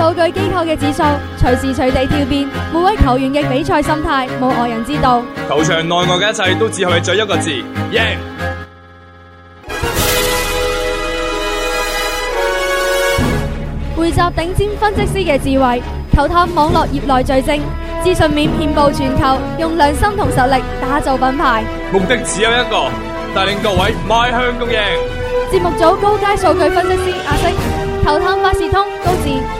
數據機構嘅指數隨時隨地跳變，每位球員嘅比賽心態冇外人知道。球場內外嘅一切都只係一個字：贏。匯集頂尖分析師嘅智慧，球探網絡業內最精，資訊面遍布全球，用良心同實力打造品牌。目的只有一個，帶領各位邁向共贏。節目組高階數據分析師阿星，球探百事通高智。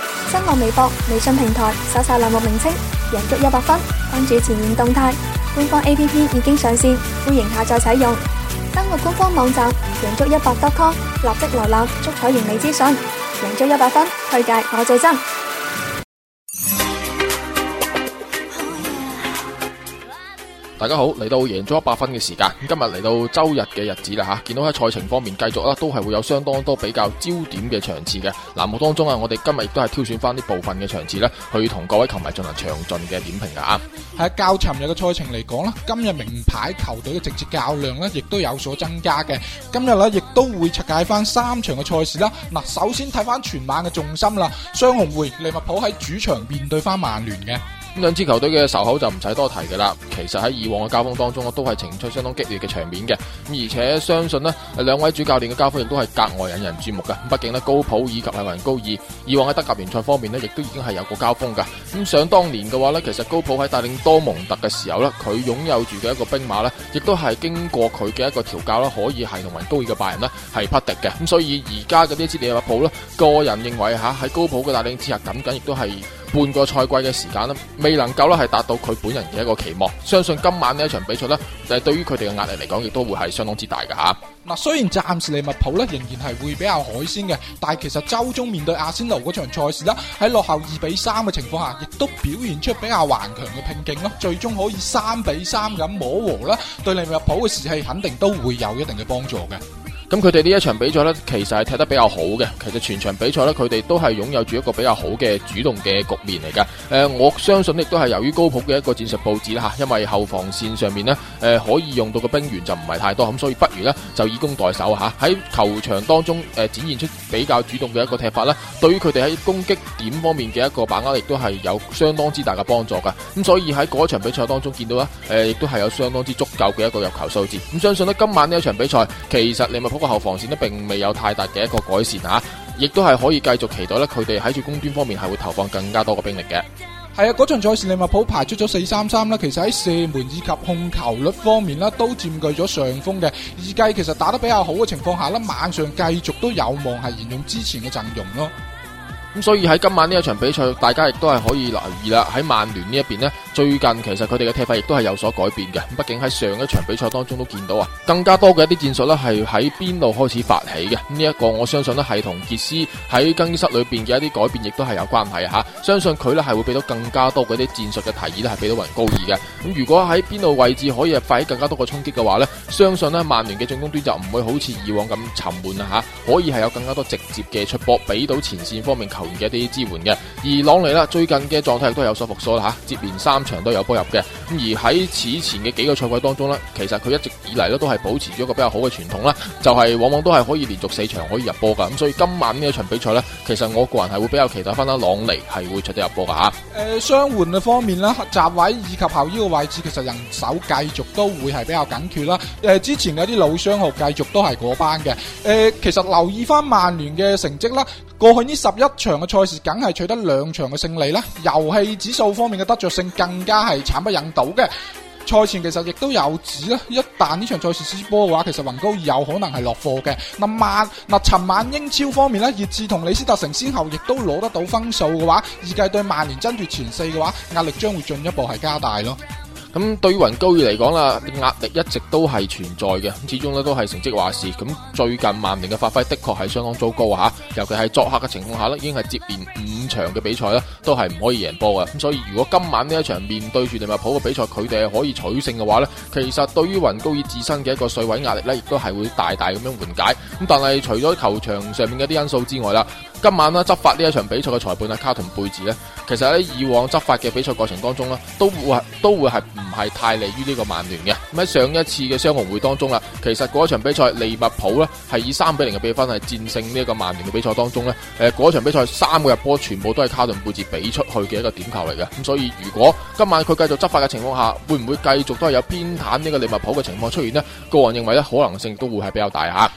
新浪微博、微信平台，搜索欄目名稱“贏足一百分”，關注前沿動態。官方 A P P 已經上線，歡迎下載使用。登錄官方網站贏足一百 .com，立即瀏覽足彩完美資訊。贏足一百分，推介我最真。大家好，嚟到贏咗一百分嘅時間，今日嚟到周日嘅日子啦吓，見到喺賽程方面繼續啦，都係會有相當多比較焦點嘅場次嘅。嗱，欄目當中啊，我哋今日亦都係挑選翻啲部分嘅場次咧，去同各位球迷進行詳盡嘅點評噶啊。喺啊，較尋日嘅賽程嚟講啦，今日名牌球隊嘅直接較量呢，亦都有所增加嘅。今日呢，亦都會拆解翻三場嘅賽事啦。嗱，首先睇翻全晚嘅重心啦，雙紅會利物浦喺主場面對翻曼聯嘅。咁兩支球隊嘅仇口就唔使多提嘅啦。其實喺以往嘅交鋒當中，我都係呈現相當激烈嘅場面嘅。咁而且相信咧，兩位主教練嘅交鋒亦都係格外引人注目嘅。畢竟咧，高普以及係雲高爾，以往喺德甲聯賽方面咧，亦都已經係有過交鋒嘅。咁想當年嘅話咧，其實高普喺帶領多蒙特嘅時候咧，佢擁有住嘅一個兵馬咧，亦都係經過佢嘅一個調教啦，可以係同雲高爾嘅拜仁咧係匹敵嘅。咁所以而家嘅呢支利物浦咧，個人認為嚇喺高普嘅帶領之下，緊緊亦都係。半個賽季嘅時間啦，未能夠咧係達到佢本人嘅一個期望，相信今晚呢一場比賽咧，誒對於佢哋嘅壓力嚟講，亦都會係相當之大㗎吓。嗱，雖然暫時利物浦咧仍然係會比較海鮮嘅，但係其實周中面對阿仙奴嗰場賽事啦，喺落後二比三嘅情況下，亦都表現出比較頑強嘅拼勁咯，最終可以三比三咁摸和啦，對利物浦嘅士氣肯定都會有一定嘅幫助嘅。咁佢哋呢一場比賽呢，其實係踢得比較好嘅。其實全場比賽呢，佢哋都係擁有住一個比較好嘅主動嘅局面嚟噶、呃，我相信亦都係由於高普嘅一個戰術佈置啦，因為後防線上面呢、呃、可以用到嘅兵員就唔係太多，咁所以不如呢就以攻代守嚇。喺、啊、球場當中、呃、展現出比較主動嘅一個踢法呢，對於佢哋喺攻擊點方面嘅一個把握，亦都係有相當之大嘅幫助噶。咁所以喺嗰一場比賽當中見到呢，亦都係有相當之足夠嘅一個入球數字。咁、嗯、相信呢，今晚呢一場比賽，其實利物浦、就是。個後防線咧，並未有太大嘅一個改善吓，亦都係可以繼續期待咧，佢哋喺住攻端方面係會投放更加多嘅兵力嘅。係啊，嗰場賽事利物浦排出咗四三三啦，其實喺射門以及控球率方面啦，都佔據咗上風嘅。預計其實打得比較好嘅情況下咧，晚上繼續都有望係沿用之前嘅陣容咯。咁所以喺今晚呢一場比賽，大家亦都係可以留意啦。喺曼聯呢一邊咧，最近其實佢哋嘅踢法亦都係有所改變嘅。畢竟喺上一場比賽當中都見到啊，更加多嘅一啲戰術咧係喺邊度開始發起嘅。呢一個我相信咧係同傑斯喺更衣室裏邊嘅一啲改變亦都係有關係吓。相信佢咧係會俾到更加多嗰啲戰術嘅提議咧，係俾到雲高爾嘅。咁如果喺邊度位置可以發起更加多嘅衝擊嘅話咧，相信咧曼聯嘅進攻端就唔會好似以往咁沉悶啊吓，可以係有更加多直接嘅出波，俾到前線方面求球員嘅一啲支援嘅，而朗尼啦最近嘅狀態亦都有所復甦啦吓，接連三場都有波入嘅。咁而喺此前嘅幾個賽季當中呢，其實佢一直以嚟呢都係保持咗一個比較好嘅傳統啦，就係、是、往往都係可以連續四場可以入波噶。咁所以今晚呢一場比賽呢，其實我個人係會比較期待翻啦，朗尼係會出得入波噶吓。誒、呃，雙援嘅方面合閘位以及後腰嘅位置，其實人手繼續都會係比較緊缺啦。誒、呃，之前嘅啲老傷號繼續都係嗰班嘅。誒、呃，其實留意翻曼聯嘅成績啦。過去呢十一場嘅賽事，梗係取得兩場嘅勝利啦。遊戲指數方面嘅得著性更加係慘不忍睹嘅。賽前其實亦都有指啦，一旦呢場賽事輸波嘅話，其實雲高有可能係落貨嘅。嗱慢嗱，尋晚英超方面呢熱刺同李斯特城先後亦都攞得到分數嘅話，預計對曼聯爭奪前四嘅話，壓力將會進一步係加大咯。咁對於雲高爾嚟講啦，壓力一直都係存在嘅。咁始終咧都係成績話事。咁最近曼聯嘅發揮，的確係相當糟糕嚇。尤其係作客嘅情況下呢，已經係接連五場嘅比賽啦，都係唔可以贏波嘅。咁所以如果今晚呢一場面對住利物浦嘅比賽，佢哋係可以取勝嘅話呢，其實對於雲高爾自身嘅一個水位壓力呢，亦都係會大大咁樣緩解。咁但係除咗球場上面嘅啲因素之外啦。今晚呢執法呢一場比賽嘅裁判啊，卡頓貝治呢其實喺以往執法嘅比賽過程當中呢，都會係都會係唔係太利於呢個曼聯嘅。咁喺上一次嘅雙紅會當中啦，其實嗰一場比賽利物浦呢係以三比零嘅比分係戰勝呢一個曼聯嘅，比賽當中呢，誒，嗰一場比賽三個入波全部都係卡頓貝治俾出去嘅一個點球嚟嘅。咁所以如果今晚佢繼續執法嘅情況下，會唔會繼續都係有偏袒呢個利物浦嘅情況出現呢？個人認為呢可能性都會係比較大嚇。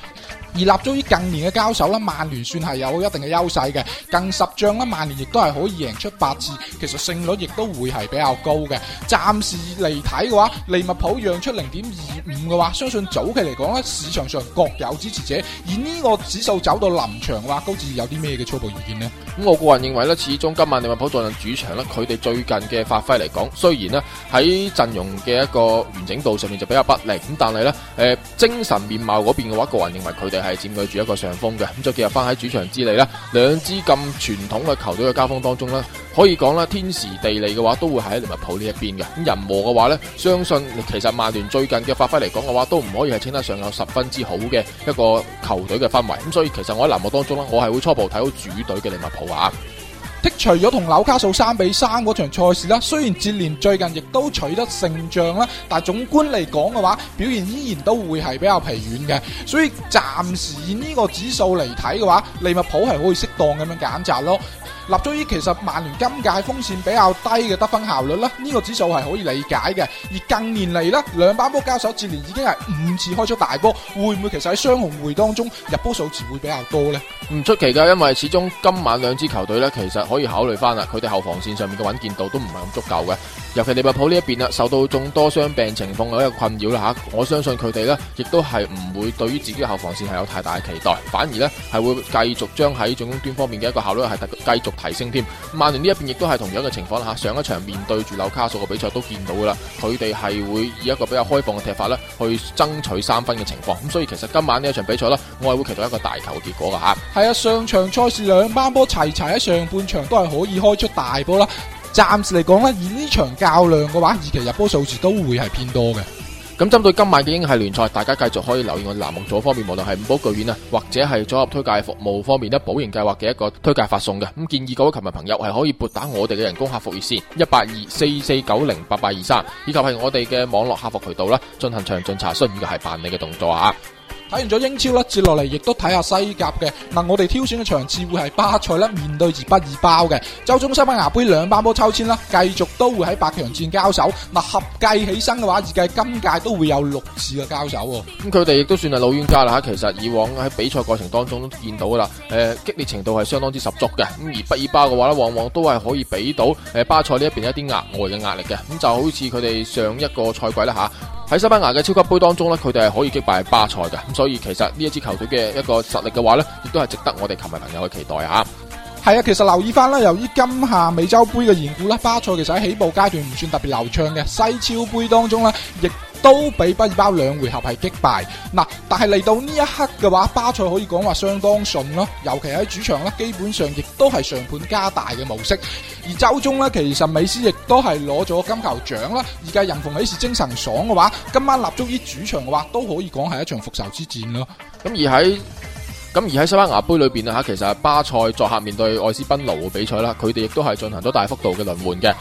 而立足於近年嘅交手啦，曼聯算係有一定嘅優勢嘅。近十仗啦，曼聯亦都係可以贏出八次，其實勝率亦都會係比較高嘅。暫時嚟睇嘅話，利物浦讓出零點二五嘅話，相信早期嚟講咧，市場上各有支持者。而呢個指數走到臨場嘅話，高志有啲咩嘅初步意見呢？咁我個人認為咧，始終今晚利物浦作任主場咧，佢哋最近嘅發揮嚟講，雖然呢喺陣容嘅一個完整度上面就比較不利，咁但係咧，誒、呃、精神面貌嗰邊嘅話，個人認為佢哋係佔據住一個上風嘅。咁再結合翻喺主場之利咧，兩支咁傳統嘅球隊嘅交鋒當中咧，可以講啦天時地利嘅話，都會喺利物浦呢一邊嘅。咁人和嘅話咧，相信其實曼聯最近嘅發揮嚟講嘅話，都唔可以係稱得上有十分之好嘅一個球隊嘅氛圍。咁所以其實喺我心目中咧，我係會初步睇到主隊嘅利物浦。剔除咗同紐卡素三比三嗰場賽事啦，雖然接連最近亦都取得勝仗啦，但係總觀嚟講嘅話，表現依然都會係比較疲軟嘅，所以暫時以呢個指數嚟睇嘅話，利物浦係可以適當咁樣揀擇咯。立足於其實曼聯今屆風扇比較低嘅得分效率啦。呢個指數係可以理解嘅。而近年嚟咧，兩班波交手，接連已經係五次開出大波，會唔會其實喺雙紅會當中入波數字會比較多呢？唔出奇㗎，因為始終今晚兩支球隊呢，其實可以考慮翻啦，佢哋後防線上面嘅穩健度都唔係咁足夠嘅。尤其利物浦呢一邊啊，受到眾多傷病情況嘅一個困擾啦嚇，我相信佢哋呢，亦都係唔會對於自己嘅後防線係有太大嘅期待，反而呢，係會繼續將喺進攻端方面嘅一個效率係繼續提升添，曼聯呢一邊亦都係同樣嘅情況吓，上一場面對住紐卡素嘅比賽都見到噶啦，佢哋係會以一個比較開放嘅踢法咧，去爭取三分嘅情況，咁所以其實今晚呢一場比賽咧，我係會期待一個大球嘅結果噶吓。係啊，上場賽事兩班波齊齊喺上半場都係可以開出大波啦，暫時嚟講咧，以呢場較量嘅話，預期入波數字都會係偏多嘅。咁針對今晚嘅英系聯賽，大家繼續可以留意我哋欄目組方面，無論係五保巨院啊，或者係組合推介服務方面咧，保贏計劃嘅一個推介發送嘅。咁建議各位球迷朋友係可以撥打我哋嘅人工客服熱線一八二四四九零八八二三，以及係我哋嘅網絡客服渠道啦，進行詳盡查詢以及係辦理嘅動作啊！睇完咗英超啦，接落嚟亦都睇下看看西甲嘅。嗱，我哋挑選嘅場次會係巴塞啦，面對住畢爾包嘅。周中西班牙杯兩班波抽簽啦，繼續都會喺八強戰交手。嗱，合計起身嘅話，預計今屆都會有六次嘅交手。咁佢哋亦都算係老冤家啦。吓，其實以往喺比賽過程當中都見到噶啦。誒、呃，激烈程度係相當之十足嘅。咁而畢爾包嘅話咧，往往都係可以俾到誒、呃、巴塞呢一邊一啲額外嘅壓力嘅。咁就好似佢哋上一個賽季啦吓。啊喺西班牙嘅超級杯當中咧，佢哋係可以擊敗巴塞嘅，咁所以其實呢一支球隊嘅一個實力嘅話呢亦都係值得我哋球迷朋友去期待吓。係啊，其實留意翻啦，由於今夏美洲杯嘅緣故啦，巴塞其實喺起步階段唔算特別流暢嘅，西超杯當中呢。亦。都俾畢爾包兩回合係擊敗嗱，但係嚟到呢一刻嘅話，巴塞可以講話相當順咯，尤其喺主場啦，基本上亦都係上盤加大嘅模式。而周中呢，其實美斯亦都係攞咗金球獎啦，而家人逢喜事精神爽嘅話，今晚立足於主場嘅話，都可以講係一場復仇之戰咯。咁而喺咁而喺西班牙杯裏邊啊吓，其實巴塞作客面對愛斯賓奴嘅比賽啦，佢哋亦都係進行咗大幅度嘅輪換嘅。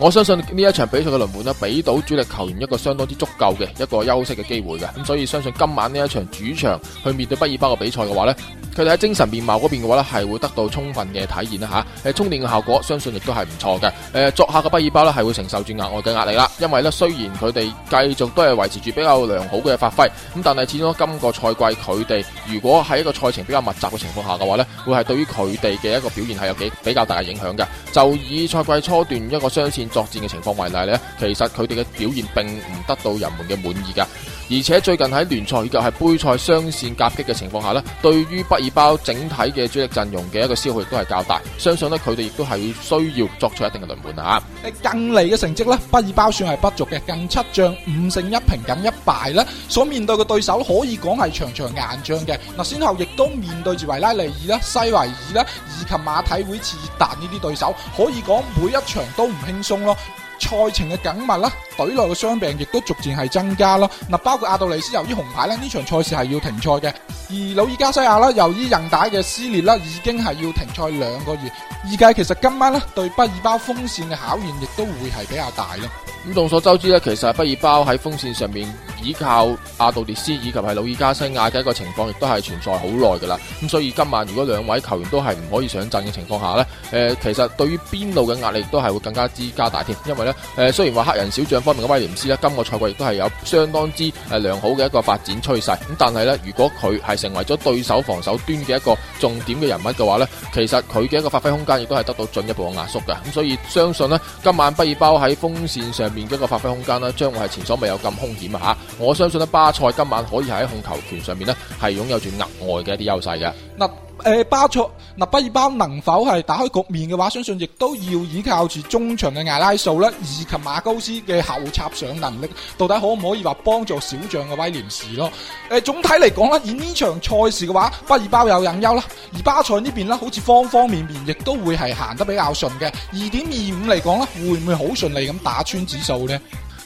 我相信呢一場比賽嘅輪換呢，俾到主力球員一個相當之足夠嘅一個休息嘅機會嘅，咁所以相信今晚呢一場主場去面對畢爾包嘅比賽嘅話呢。佢哋喺精神面貌嗰邊嘅話咧，係會得到充分嘅體驗啦吓。誒、啊呃，充電嘅效果相信亦都係唔錯嘅。誒、呃，作客嘅畢爾包咧係會承受住額外嘅壓力啦。因為咧，雖然佢哋繼續都係維持住比較良好嘅發揮，咁但係始終今個賽季佢哋如果喺一個賽程比較密集嘅情況下嘅話咧，會係對於佢哋嘅一個表現係有幾比較大嘅影響嘅。就以賽季初段一個雙線作戰嘅情況為例咧，其實佢哋嘅表現並唔得到人們嘅滿意噶。而且最近喺聯賽以及係杯賽雙線夾擊嘅情況下咧，對於畢巴爾包整體嘅主力陣容嘅一個消耗亦都係較大，相信呢佢哋亦都係需要作出一定嘅輪換啊！吓，近嚟嘅成績呢，畢爾包算係不俗嘅，近七仗五勝一平噉一敗咧，所面對嘅對手可以講係場場硬仗嘅，嗱，先後亦都面對住維拉利爾啦、西維爾啦以及馬體會次達呢啲對手，可以講每一場都唔輕鬆咯。賽程嘅緊密啦，隊內嘅傷病亦都逐漸係增加咯。嗱，包括阿杜尼斯由於紅牌咧，呢場賽事係要停賽嘅；而老伊加西亞啦，由於韌帶嘅撕裂啦，已經係要停賽兩個月。預計其實今晚咧，對不爾包鋒線嘅考驗亦都會係比較大咯。咁眾所周知咧，其實係畢爾包喺鋒線上面依靠阿杜列斯以及係努爾加西亞嘅一個情況，亦都係存在好耐噶啦。咁所以今晚如果兩位球員都係唔可以上陣嘅情況下咧，誒，其實對於邊路嘅壓力都係會更加之加大添。因為咧，誒，雖然話黑人小將方面嘅威廉斯咧，今個賽季亦都係有相當之誒良好嘅一個發展趨勢。咁但係咧，如果佢係成為咗對手防守端嘅一個重點嘅人物嘅話咧，其實佢嘅一個發揮空間亦都係得到進一步嘅壓縮嘅。咁所以相信咧，今晚畢爾包喺鋒線上面嘅個發揮空間呢，將會係前所未有咁兇險吓。我相信呢，巴塞今晚可以喺控球權上面呢，係擁有住額外嘅一啲優勢嘅。誒、呃，巴塞納、呃、畢爾包能否係打開局面嘅話，相信亦都要依靠住中場嘅艾拉素咧，以及馬高斯嘅後插上能力，到底可唔可以話幫助小將嘅威廉士咯？誒、呃，總體嚟講咧，以呢場賽事嘅話，畢爾包有隱憂啦，而巴塞呢邊咧，好似方方面面亦都會係行得比較順嘅。二點二五嚟講咧，會唔會好順利咁打穿指數呢？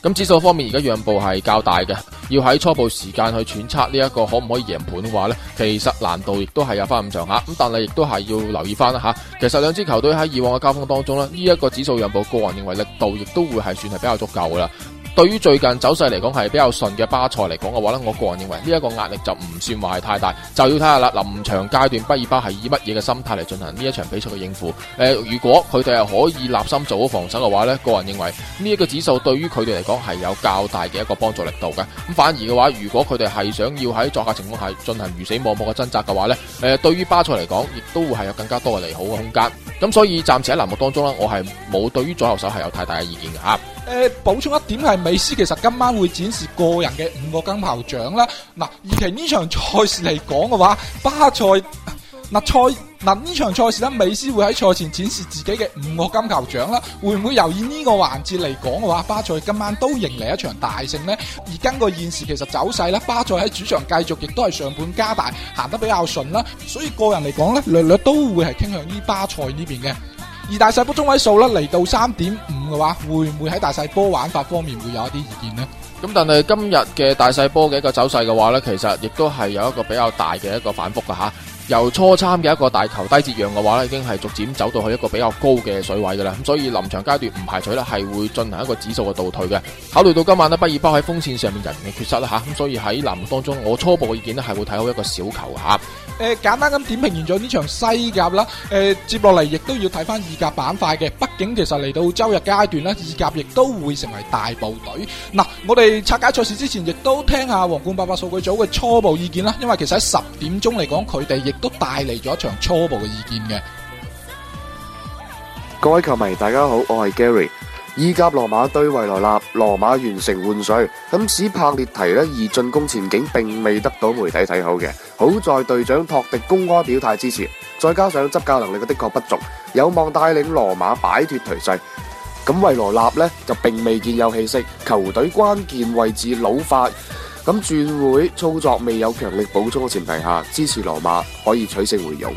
咁指數方面而家讓步係較大嘅，要喺初步時間去揣測呢一個可唔可以贏盤嘅話呢，其實難度亦都係有翻咁上下，咁但係亦都係要留意翻啦吓。其實兩支球隊喺以往嘅交鋒當中呢，呢一個指數讓步，個人認為力度亦都會係算係比較足夠噶啦。對於最近走勢嚟講係比較順嘅巴塞嚟講嘅話呢，我個人認為呢一個壓力就唔算話係太大，就要睇下啦。臨場階段，畢爾巴係以乜嘢嘅心態嚟進行呢一場比賽嘅應付？誒、呃，如果佢哋係可以立心做好防守嘅話呢，個人認為呢一個指數對於佢哋嚟講係有較大嘅一個幫助力度嘅。咁反而嘅話，如果佢哋係想要喺作客情況下進行魚死網破嘅掙扎嘅話呢，誒、呃，對於巴塞嚟講，亦都會係有更加多嘅利好嘅空間。咁所以暫時喺欄目當中呢，我係冇對於左右手係有太大嘅意見嘅吓。誒、呃，補充一點係，美斯其實今晚會展示個人嘅五個金球獎啦。嗱，而其呢場賽事嚟講嘅話，巴塞嗱、呃、賽嗱呢、呃、場賽事呢，美斯會喺賽前展示自己嘅五個金球獎啦。會唔會由於呢個環節嚟講嘅話，巴塞今晚都迎嚟一場大勝呢？而根據現時其實走勢呢，巴塞喺主場繼續亦都係上盤加大行得比較順啦，所以個人嚟講呢，略略都會係傾向於巴塞呢邊嘅。而大細波中位數咧嚟到三點五嘅話，會唔會喺大細波玩法方面會有一啲意見呢？咁但係今日嘅大細波嘅一個走勢嘅話呢，其實亦都係有一個比較大嘅一個反覆嘅嚇。由初參嘅一個大球低節讓嘅話呢，已經係逐漸走到去一個比較高嘅水位嘅啦。咁所以臨場階段唔排除呢係會進行一個指數嘅倒退嘅。考慮到今晚呢，畢爾包喺鋒線上面人嘅缺失啦嚇，咁所以喺臨門當中，我初步嘅意見呢係會睇好一個小球嚇。誒，簡單咁點評完咗呢場西甲啦，誒，接落嚟亦都要睇翻意甲板塊嘅，畢竟其實嚟到周日階段啦，意甲亦都會成為大部隊。嗱，我哋拆解賽事之前，亦都聽下皇冠八八數據組嘅初步意見啦，因為其實喺十點鐘嚟講，佢哋亦都帶嚟咗一場初步嘅意見嘅。各位球迷，大家好，我係 Gary。意甲羅馬對維羅納，羅馬完成換帥，咁史柏列提呢而進攻前景並未得到媒體睇好嘅。好在隊長托迪公開表態支持，再加上執教能力嘅的確不俗，有望帶領羅馬擺脫頹勢。咁維羅納呢就並未見有氣息，球隊關鍵位置老化，咁轉會操作未有強力補充嘅前提下，支持羅馬可以取勝回勇。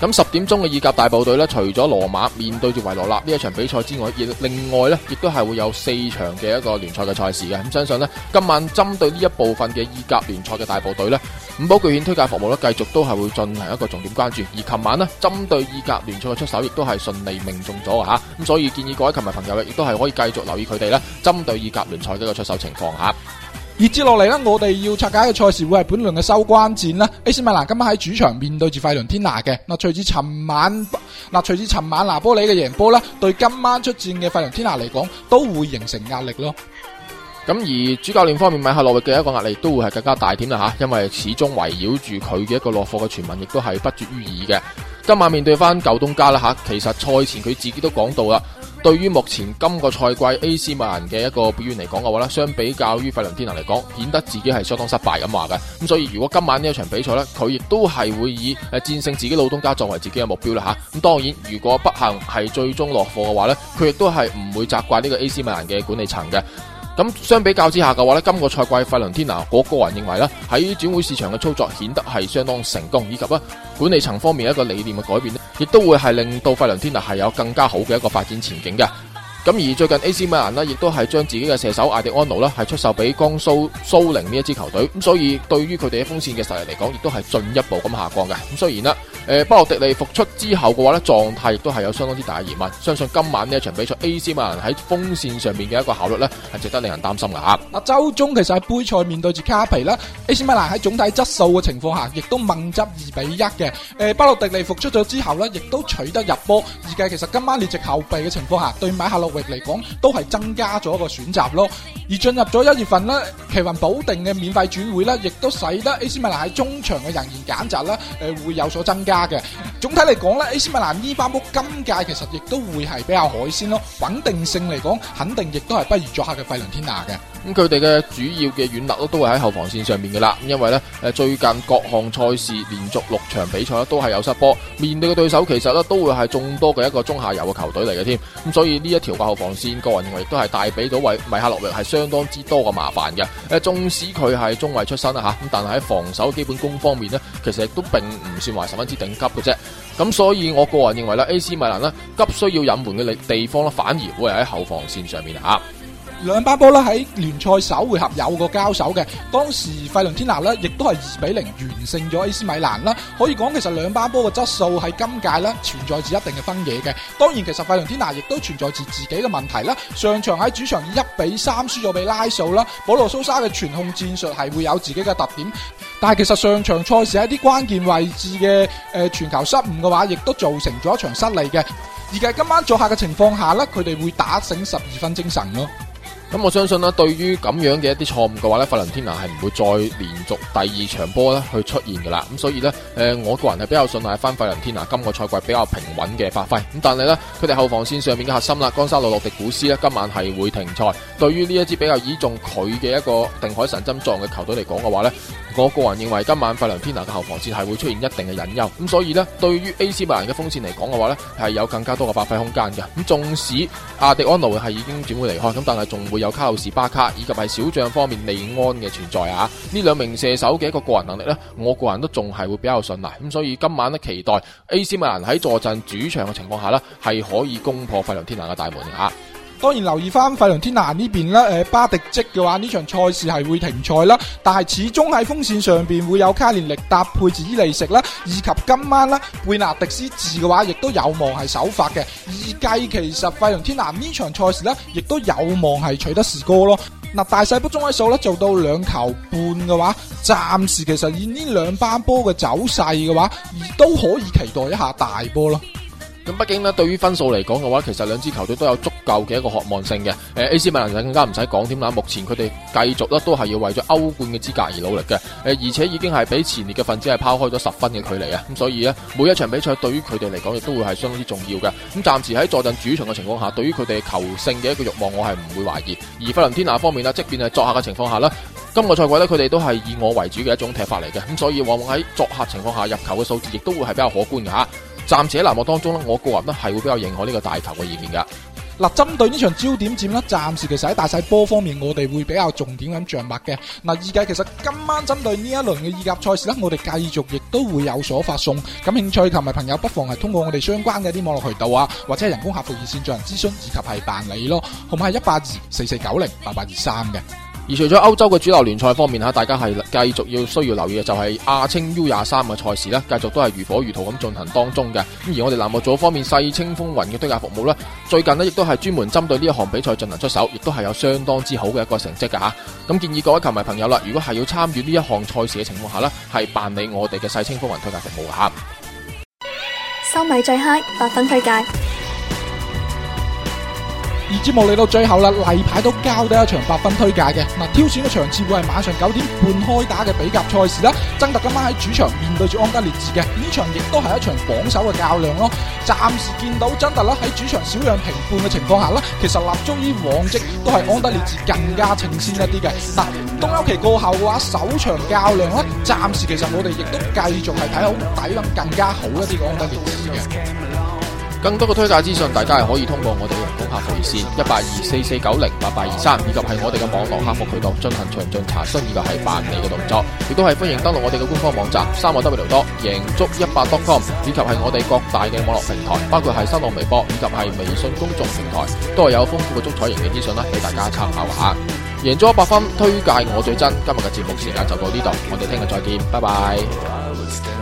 咁十點鐘嘅意甲大部隊呢，除咗羅馬面對住維羅納呢一場比賽之外，亦另外呢亦都係會有四場嘅一個聯賽嘅賽事嘅。咁相信呢，今晚針對呢一部分嘅意甲聯賽嘅大部隊呢，五寶巨險推介服務呢，繼續都係會進行一個重點關注。而琴晚呢，針對意甲聯賽嘅出手，亦都係順利命中咗嘅吓。咁所以建議各位球迷朋友亦都係可以繼續留意佢哋呢，針對意甲聯賽嘅一個出手情況吓。而接落嚟咧，我哋要拆解嘅賽事會係本輪嘅收官戰啦。AC 米蘭，今晚喺主場面對住費倫天拿嘅，嗱，隨住尋晚嗱，隨住尋晚拿波里嘅贏波呢，對今晚出戰嘅費倫天拿嚟講，都會形成壓力咯。咁而主教練方面米克洛域嘅一個壓力都會係更加大啲啦吓，因為始終圍繞住佢嘅一個落課嘅傳聞亦都係不絕於耳嘅。今晚面對翻舊東家啦吓，其實賽前佢自己都講到啦。對於目前今個賽季 AC 米蘭嘅一個表現嚟講嘅話咧，相比較於費倫天拿嚟講，顯得自己係相當失敗咁話嘅。咁所以如果今晚呢一場比賽呢，佢亦都係會以誒戰勝自己老東家作為自己嘅目標啦嚇。咁當然如果不幸係最終落貨嘅話呢，佢亦都係唔會責怪呢個 AC 米蘭嘅管理層嘅。咁相比較之下嘅話呢，今個賽季費倫天拿，我個人認為呢，喺轉會市場嘅操作顯得係相當成功，以及啊管理層方面一個理念嘅改變亦都會係令到費倫天拿係有更加好嘅一個發展前景嘅。咁而最近 AC 米蘭呢，亦都係將自己嘅射手艾迪安奴呢，係出售俾江蘇蘇寧呢一支球隊，咁所以對於佢哋喺鋒線嘅實力嚟講，亦都係進一步咁下降嘅。咁雖然啦。誒、呃，巴洛迪尼復出之後嘅話咧，狀態亦都係有相當之大嘅疑問。相信今晚呢一場比賽，AC 米蘭喺鋒線上面嘅一個效率咧，係值得令人擔心啦嚇、啊。嗱，周中其實喺杯賽面對住卡皮啦，AC 米蘭喺總體質素嘅情況下，亦都掹執二比一嘅。誒、呃，巴洛迪尼復出咗之後呢，亦都取得入波。而計其實今晚列席後備嘅情況下，對馬夏洛域嚟講都係增加咗一個選擇咯。而進入咗一月份呢，奇雲保定嘅免費轉會呢，亦都使得 AC 米蘭喺中場嘅人員揀擇咧，誒、呃、會有所增加。加嘅，總體嚟講咧，AC 米蘭呢班波今屆其實亦都會係比較海鮮咯，穩定性嚟講，肯定亦都係不如作客嘅費倫天拿嘅。咁佢哋嘅主要嘅軟肋都都係喺後防線上面噶啦。因為咧，誒，最近各項賽事連續六場比賽都係有失波，面對嘅對手其實咧都會係眾多嘅一個中下游嘅球隊嚟嘅添。咁所以呢一條後防線，個人認為亦都係帶俾到維維克洛維係相當之多嘅麻煩嘅。誒，縱使佢係中衛出身吓，咁但係喺防守基本功方面呢，其實亦都並唔算話十分之。緊急嘅啫，咁所以我個人認為啦 AC 米蘭咧急需要隱瞞嘅力地方咧，反而會喺後防線上面啊。兩班波呢喺聯賽首回合有個交手嘅，當時費倫天拿呢亦都係二比零完勝咗 AC 米蘭啦。可以講其實兩班波嘅質素喺今屆呢存在住一定嘅分野嘅。當然其實費倫天拿亦都存在住自己嘅問題啦。上場喺主場一比三輸咗俾拉素啦。保羅蘇沙嘅傳控戰術係會有自己嘅特點，但係其實上場賽事喺啲關鍵位置嘅誒傳球失誤嘅話，亦都造成咗一場失利嘅。而喺今晚作客嘅情況下呢佢哋會打醒十二分精神咯。咁我相信啦，對於咁樣嘅一啲錯誤嘅話呢費倫天拿係唔會再連續第二場波咧去出現嘅啦。咁所以呢，誒、呃，我個人係比較信賴翻費倫天拿今個賽季比較平穩嘅發揮。咁但係呢，佢哋後防線上面嘅核心啦，江沙路洛迪古斯呢，今晚係會停賽。對於呢一支比較倚重佢嘅一個定海神針狀嘅球隊嚟講嘅話呢，我個人認為今晚費倫天拿嘅後防線係會出現一定嘅隱憂。咁所以呢，對於 AC 米蘭嘅鋒線嚟講嘅話呢，係有更加多嘅發揮空間嘅。咁縱使阿迪安奴係已經轉會離開，咁但係仲會，有卡路士巴卡以及係小將方面利安嘅存在啊，呢兩名射手嘅一個個人能力呢，我個人都仲係會比較信賴，咁所以今晚呢，期待 AC 米蘭喺坐鎮主場嘅情況下呢，係可以攻破費倫天拿嘅大門啊。當然留意翻費倫天拿呢邊啦、呃，巴迪職嘅話呢場賽事係會停賽啦，但係始終喺鋒線上面會有卡連力搭配住伊尼食啦，以及今晚啦貝納迪斯治嘅話亦都有望係首發嘅。預計其實費倫天拿呢場賽事呢，亦都有望係取得士哥咯。嗱，大細波中位數呢做到兩球半嘅話，暫時其實以呢兩班波嘅走勢嘅話，亦都可以期待一下大波咯。咁畢竟咧，對於分數嚟講嘅話，其實兩支球隊都有足夠嘅一個渴望性嘅。誒，呃，A.C. 米蘭就更加唔使講添啦。目前佢哋繼續咧都係要為咗歐冠嘅資格而努力嘅。誒，而且已經係比前列嘅份子係拋開咗十分嘅距離啊。咁所以咧，每一場比賽對於佢哋嚟講亦都會係相當之重要嘅。咁暫時喺坐鎮主場嘅情況下，對於佢哋求勝嘅一個欲望，我係唔會懷疑。而費倫天拿方面啦，即便係作客嘅情況下啦，今個賽季咧，佢哋都係以我為主嘅一種踢法嚟嘅。咁所以往往喺作客情況下入球嘅數字亦都會係比較可觀嘅吓。暫時喺欄目當中咧，我個人咧係會比較認可呢個大頭嘅意念嘅。嗱，針對呢場焦點戰咧，暫時其實喺大細波方面，我哋會比較重點咁掌握嘅。嗱，而家其實今晚針對呢一輪嘅意甲賽事咧，我哋繼續亦都會有所發送。感興趣同埋朋友，不妨係通過我哋相關嘅啲網絡渠道啊，或者係人工客服熱線進行諮詢以及係辦理咯，號碼係一八二四四九零八八二三嘅。而除咗歐洲嘅主流聯賽方面吓，大家係繼續要需要留意嘅就係、是、亞青 U 廿三嘅賽事啦，繼續都係如火如荼咁進行當中嘅。咁而我哋欄目組方面細清風雲嘅推介服務咧，最近咧亦都係專門針對呢一項比賽進行出手，亦都係有相當之好嘅一個成績嘅吓。咁建議各位球迷朋友啦，如果係要參與呢一項賽事嘅情況下咧，係辦理我哋嘅細清風雲推介服務吓，收米最嗨，i 百分推介。而節目嚟到最後啦，例牌都交第一場八分推介嘅嗱，挑選嘅場次會係晚上九點半開打嘅比甲賽事啦。曾特今晚喺主場面對住安德烈治嘅呢場，亦都係一場榜首嘅較量咯。暫時見到曾特啦喺主場小讓平半嘅情況下啦，其實立足於往績都係安德烈治更加稱先一啲嘅嗱。冬休期過後嘅話，首場較量呢，暫時其實我哋亦都繼續係睇好底蘊更加好一啲嘅安德烈治嘅。更多嘅推介資訊，大家係可以通過我哋嘅人工客服熱線一八二四四九零八八二三，以及係我哋嘅網絡客服渠道進行詳盡查詢，以及係辦理嘅動作，亦都係歡迎登錄我哋嘅官方網站三個 W 多贏足一百 com，以及係我哋各大嘅網絡平台，包括係新浪微博以及係微信公眾平台，都係有豐富嘅足彩贏嘅資訊啦，俾大家參考一下。贏足一百分，推介我最真。今日嘅節目時間就到呢度，我哋聽日再見，拜拜。